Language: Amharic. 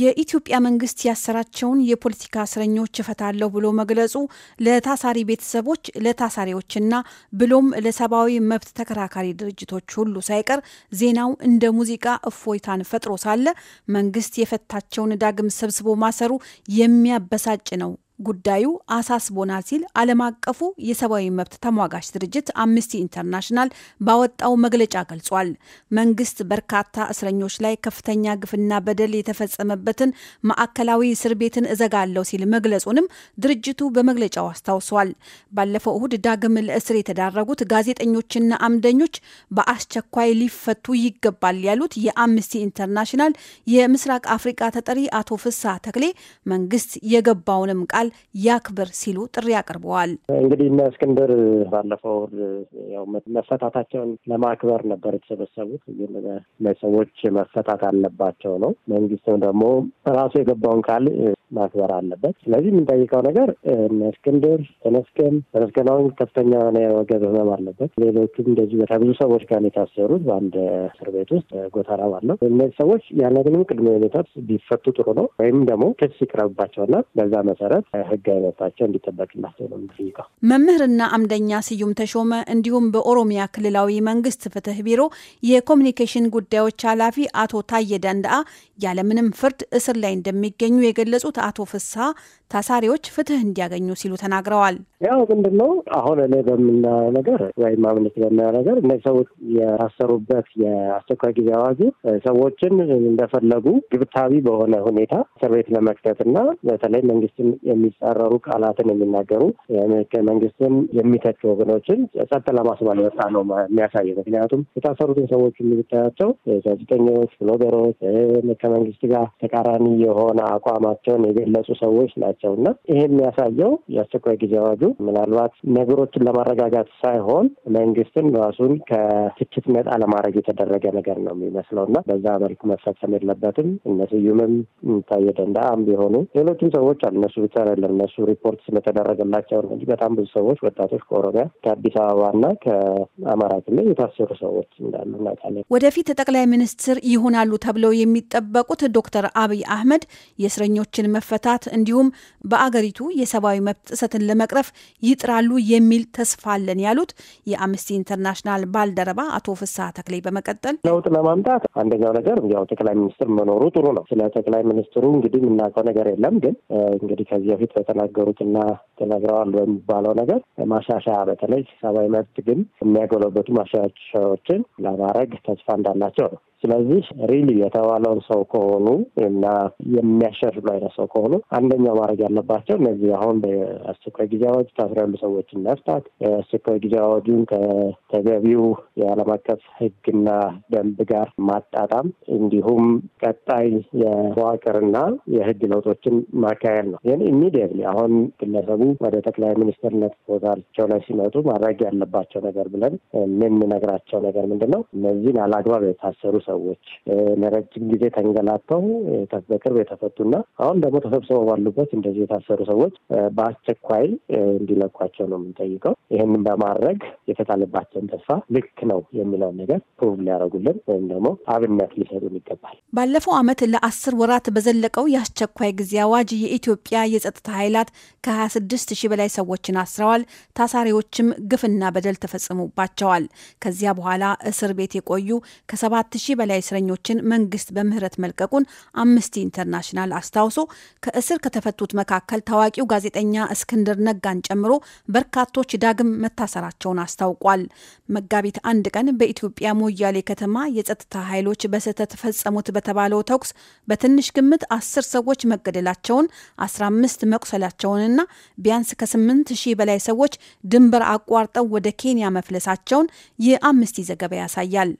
የኢትዮጵያ መንግስት ያሰራቸውን የፖለቲካ እስረኞች እፈታለሁ ብሎ መግለጹ ለታሳሪ ቤተሰቦች፣ ለታሳሪዎችና ብሎም ለሰብአዊ መብት ተከራካሪ ድርጅቶች ሁሉ ሳይቀር ዜናው እንደ ሙዚቃ እፎይታን ፈጥሮ ሳለ መንግስት የፈታቸውን ዳግም ሰብስቦ ማሰሩ የሚያበሳጭ ነው ጉዳዩ አሳስቦናል ሲል ዓለም አቀፉ የሰብአዊ መብት ተሟጋች ድርጅት አምነስቲ ኢንተርናሽናል ባወጣው መግለጫ ገልጿል። መንግስት በርካታ እስረኞች ላይ ከፍተኛ ግፍና በደል የተፈጸመበትን ማዕከላዊ እስር ቤትን እዘጋለሁ ሲል መግለጹንም ድርጅቱ በመግለጫው አስታውሷል። ባለፈው እሁድ ዳግም ለእስር የተዳረጉት ጋዜጠኞችና አምደኞች በአስቸኳይ ሊፈቱ ይገባል ያሉት የአምነስቲ ኢንተርናሽናል የምስራቅ አፍሪቃ ተጠሪ አቶ ፍሳ ተክሌ መንግስት የገባውንም ቃል ቃል ያክብር ሲሉ ጥሪ አቅርበዋል። እንግዲህ እነ እስክንድር ባለፈው ያው መፈታታቸውን ለማክበር ነበር የተሰበሰቡት። ሰዎች መፈታት አለባቸው ነው። መንግስትም ደግሞ ራሱ የገባውን ቃል ማክበር አለበት። ስለዚህ የምንጠይቀው ነገር እስክንድር ተመስገን ተመስገን አሁን ከፍተኛ የሆነ ወገብ ህመም አለበት። ሌሎቹም እንደዚህ ከብዙ ሰዎች ጋር የታሰሩት በአንድ እስር ቤት ውስጥ ጎተራ ባለው እነዚህ ሰዎች ያለምንም ቅድመ ሁኔታ ቢፈቱ ጥሩ ነው። ወይም ደግሞ ክስ ይቅረብባቸውና በዛ መሰረት ህጋዊ መብታቸው እንዲጠበቅላቸው ነው የምንጠይቀው። መምህርና አምደኛ ስዩም ተሾመ እንዲሁም በኦሮሚያ ክልላዊ መንግስት ፍትህ ቢሮ የኮሚኒኬሽን ጉዳዮች ኃላፊ አቶ ታዬ ደንዳአ ያለምንም ፍርድ እስር ላይ እንደሚገኙ የገለጹት አቶ ፍስሐ ታሳሪዎች ፍትህ እንዲያገኙ ሲሉ ተናግረዋል። ያው ምንድን ነው አሁን እኔ በምናየው ነገር ወይም አምነት በምናየው ነገር እነዚህ ሰዎች የታሰሩበት የአስቸኳይ ጊዜ አዋጁ ሰዎችን እንደፈለጉ ግብታዊ በሆነ ሁኔታ እስር ቤት ለመክተት እና በተለይ መንግስትን የሚ የሚጻረሩ ቃላትን የሚናገሩ የአሜሪካ መንግስትን የሚተቹ ወገኖችን ጸጥ ለማስባል የወጣ ነው የሚያሳይ። ምክንያቱም የታሰሩትን ሰዎች የሚታያቸው ጋዜጠኞች፣ ብሎገሮች ከመንግስት ጋር ተቃራኒ የሆነ አቋማቸውን የገለጹ ሰዎች ናቸው እና ይህ የሚያሳየው የአስቸኳይ ጊዜ አዋጁ ምናልባት ነገሮችን ለማረጋጋት ሳይሆን መንግስትን ራሱን ከትችት ነጻ ለማድረግ የተደረገ ነገር ነው የሚመስለው እና በዛ መልኩ መፈጸም የለበትም። እነ ስዩምም ታየ ቢሆኑ ሌሎችም ሰዎች አልነሱ ብቻ አይደለም እነሱ ሪፖርት ስለተደረገላቸው ነው እንጂ በጣም ብዙ ሰዎች ወጣቶች ከኦሮሚያ ከአዲስ አበባና ከአማራ ክልል የታሰሩ ሰዎች እንዳሉ እናውቃለን። ወደፊት ጠቅላይ ሚኒስትር ይሆናሉ ተብለው የሚጠበቁት ዶክተር አብይ አህመድ የእስረኞችን መፈታት እንዲሁም በአገሪቱ የሰብአዊ መብት ጥሰትን ለመቅረፍ ይጥራሉ የሚል ተስፋ አለን ያሉት የአምነስቲ ኢንተርናሽናል ባልደረባ አቶ ፍስሐ ተክሌ በመቀጠል ለውጥ ለማምጣት አንደኛው ነገር ያው ጠቅላይ ሚኒስትር መኖሩ ጥሩ ነው። ስለ ጠቅላይ ሚኒስትሩ እንግዲህ የምናውቀው ነገር የለም ግን እንግዲህ ከዚህ በፊት በተናገሩት እና ተናግረዋል በሚባለው ነገር ማሻሻያ በተለይ ሰብአዊ መብት ግን የሚያጎለበቱ ማሻሻያዎችን ለማድረግ ተስፋ እንዳላቸው ነው። ስለዚህ ሪሊ የተባለውን ሰው ከሆኑ እና የሚያሸርሉ አይነት ሰው ከሆኑ አንደኛው ማድረግ ያለባቸው እነዚህ አሁን በአስቸኳይ ጊዜ አዋጅ ታስረው ያሉ ሰዎችን መፍታት፣ የአስቸኳይ ጊዜ አዋጁን ከተገቢው የዓለም አቀፍ ሕግና ደንብ ጋር ማጣጣም እንዲሁም ቀጣይ የመዋቅርና የሕግ ለውጦችን ማካሄድ ነው። ይህን ኢሚዲየትሊ አሁን ግለሰቡ ወደ ጠቅላይ ሚኒስትርነት ቦታቸው ላይ ሲመጡ ማድረግ ያለባቸው ነገር ብለን የምንነግራቸው ነገር ምንድን ነው? እነዚህን አላግባብ የታሰሩ ሰዎች ለረጅም ጊዜ ተንገላተው በቅርብ የተፈቱና አሁን ደግሞ ተሰብስበው ባሉበት እንደዚህ የታሰሩ ሰዎች በአስቸኳይ እንዲለኳቸው ነው የምንጠይቀው። ይህንን በማድረግ የተጣለባቸውን ተስፋ ልክ ነው የሚለውን ነገር ፕሩቭ ሊያደርጉልን ወይም ደግሞ አብነት ሊሰጡን ይገባል። ባለፈው ዓመት ለአስር ወራት በዘለቀው የአስቸኳይ ጊዜ አዋጅ የኢትዮጵያ የጸጥታ ኃይላት ከ26 ሺህ በላይ ሰዎችን አስረዋል። ታሳሪዎችም ግፍና በደል ተፈጽሞባቸዋል። ከዚያ በኋላ እስር ቤት የቆዩ ከ7 ሺህ በላይ እስረኞችን መንግስት በምህረት መልቀቁን አምነስቲ ኢንተርናሽናል አስታውሶ ከእስር ከተፈቱት መካከል ታዋቂው ጋዜጠኛ እስክንድር ነጋን ጨምሮ በርካቶች ዳግም መታሰራቸውን አስታውቋል። መጋቢት አንድ ቀን በኢትዮጵያ ሞያሌ ከተማ የጸጥታ ኃይሎች በስህተት ፈጸሙት በተባለው ተኩስ በትንሽ ግምት አስር ሰዎች መገደላቸውን፣ 15 መቁሰላቸውንና ቢያንስ ከ8 ሺህ በላይ ሰዎች ድንበር አቋርጠው ወደ ኬንያ መፍለሳቸውን የአምነስቲ ዘገባ ያሳያል።